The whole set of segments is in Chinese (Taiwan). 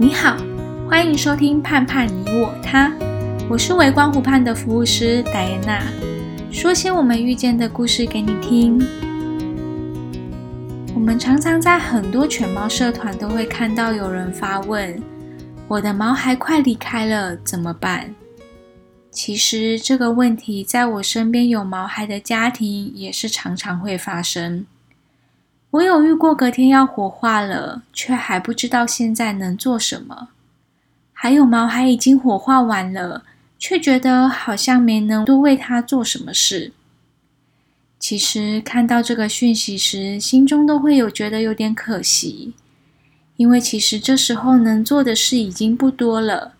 你好，歡迎收聽《盼盼你我他》，我是微光湖盼的服務師戴安娜，說些我們遇見的故事給你聽。我們常常在很多犬貓社團都會看到有人發問：“我的毛孩快離開了，怎麼辦？”其實這個問題在我身邊有毛孩的家庭也是常常會發生。我有遇過隔天要火化了，卻還不知道現在能做什麼；還有毛孩已經火化完了，卻覺得好像沒能多為他做什麼事。其實看到這個訊息時，心中都會有覺得有點可惜，因為其實這時候能做的事已經不多了，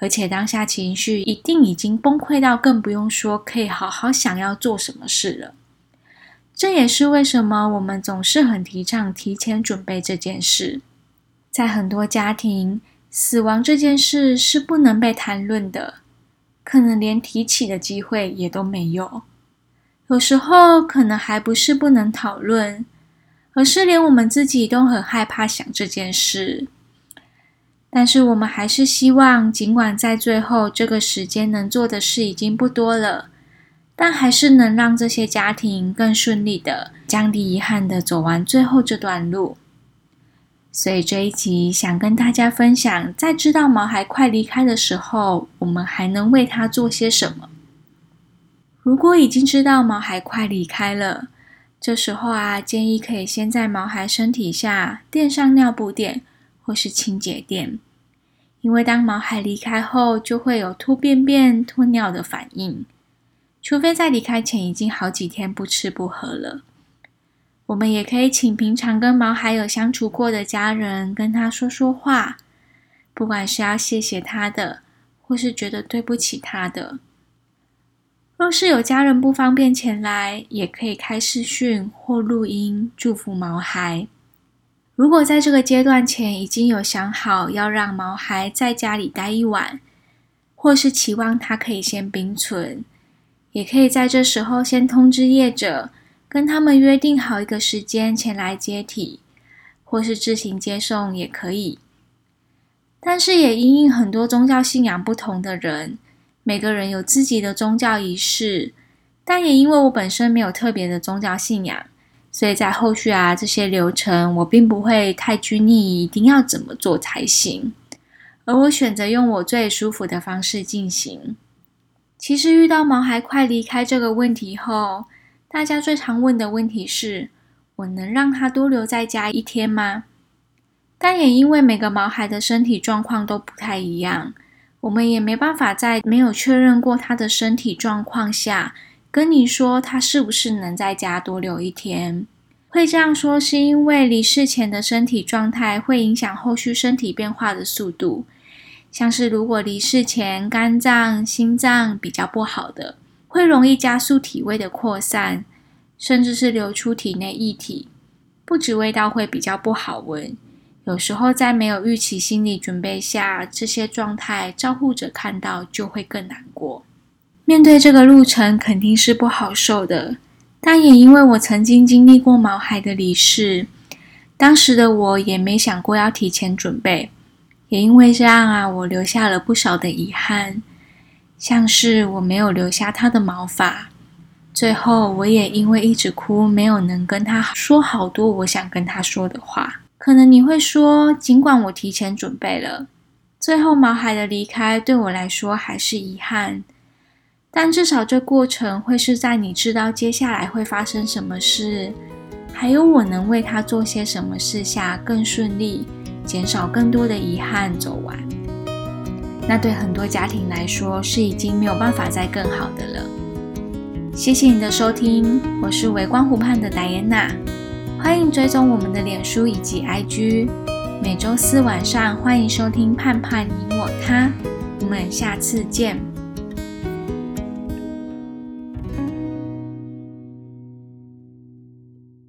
而且當下情緒一定已經崩潰到更不用說可以好好想要做什麼事了。這也是為什麼我們總是很提倡提前準備這件事。在很多家庭，死亡這件事是不能被談論的，可能連提起的機會也都沒有。有時候，可能還不是不能討論，而是連我們自己都很害怕想這件事。但是，我們還是希望，儘管在最後這個時間能做的事已經不多了。但還是能讓這些家庭更順利的、降低遺憾的走完最後這段路。所以這一集想跟大家分享，在知道毛孩快離開的時候，我們還能為他做些什麼？如果已經知道毛孩快離開了，這時候啊，建議可以先在毛孩身體下墊上尿布墊或是清潔墊，因為當毛孩離開後，就會有吐便便、吐尿的反應。除非在離開前已經好幾天不吃不喝了，我們也可以請平常跟毛孩有相處過的家人跟他說說話，不管是要謝謝他的，或是覺得對不起他的。若是有家人不方便前來，也可以開視訊或錄音祝福毛孩。如果在這個階段前已經有想好要讓毛孩在家裡待一晚，或是期望他可以先冰存。也可以在這時候先通知業者，跟他們約定好一個時間前來接體，或是自行接送也可以。但是也因應很多宗教信仰不同的人，每個人有自己的宗教儀式，但也因為我本身沒有特別的宗教信仰，所以在後續啊這些流程，我並不會太拘泥一定要怎麼做才行，而我選擇用我最舒服的方式進行。其實遇到毛孩快離開這個問題後，大家最常問的問題是：我能讓他多留在家一天嗎？但也因為每個毛孩的身體狀況都不太一樣，我們也沒辦法在沒有確認過他的身體狀況下，跟你說他是不是能在家多留一天。會這樣說是因為離世前的身體狀態會影響後續身體變化的速度。像是如果離世前肝臟、心臟比較不好的，會容易加速體味的擴散，甚至是流出體內液體，不止味道會比較不好聞，有時候在沒有預期心理準備下，這些狀態照護者看到就會更難過。面對這個路程肯定是不好受的，但也因為我曾經經歷過毛孩的離世，當時的我也沒想過要提前準備。也因為這樣啊，我留下了不少的遺憾，像是我沒有留下他的毛髮，最後我也因為一直哭，沒有能跟他說好多我想跟他說的話。可能你會說，儘管我提前準備了，最後毛孩的離開對我來說還是遺憾，但至少這過程會是在你知道接下來會發生什麼事，還有我能為他做些什麼事下更順利。減少更多的遺憾，走完。那對很多家庭來說，是已經沒有辦法再更好的了。謝謝你的收聽，我是微光湖盼的戴安娜，歡迎追蹤我們的臉書以及 IG。每周四晚上歡迎收聽《盼盼你我他》，我們下次見。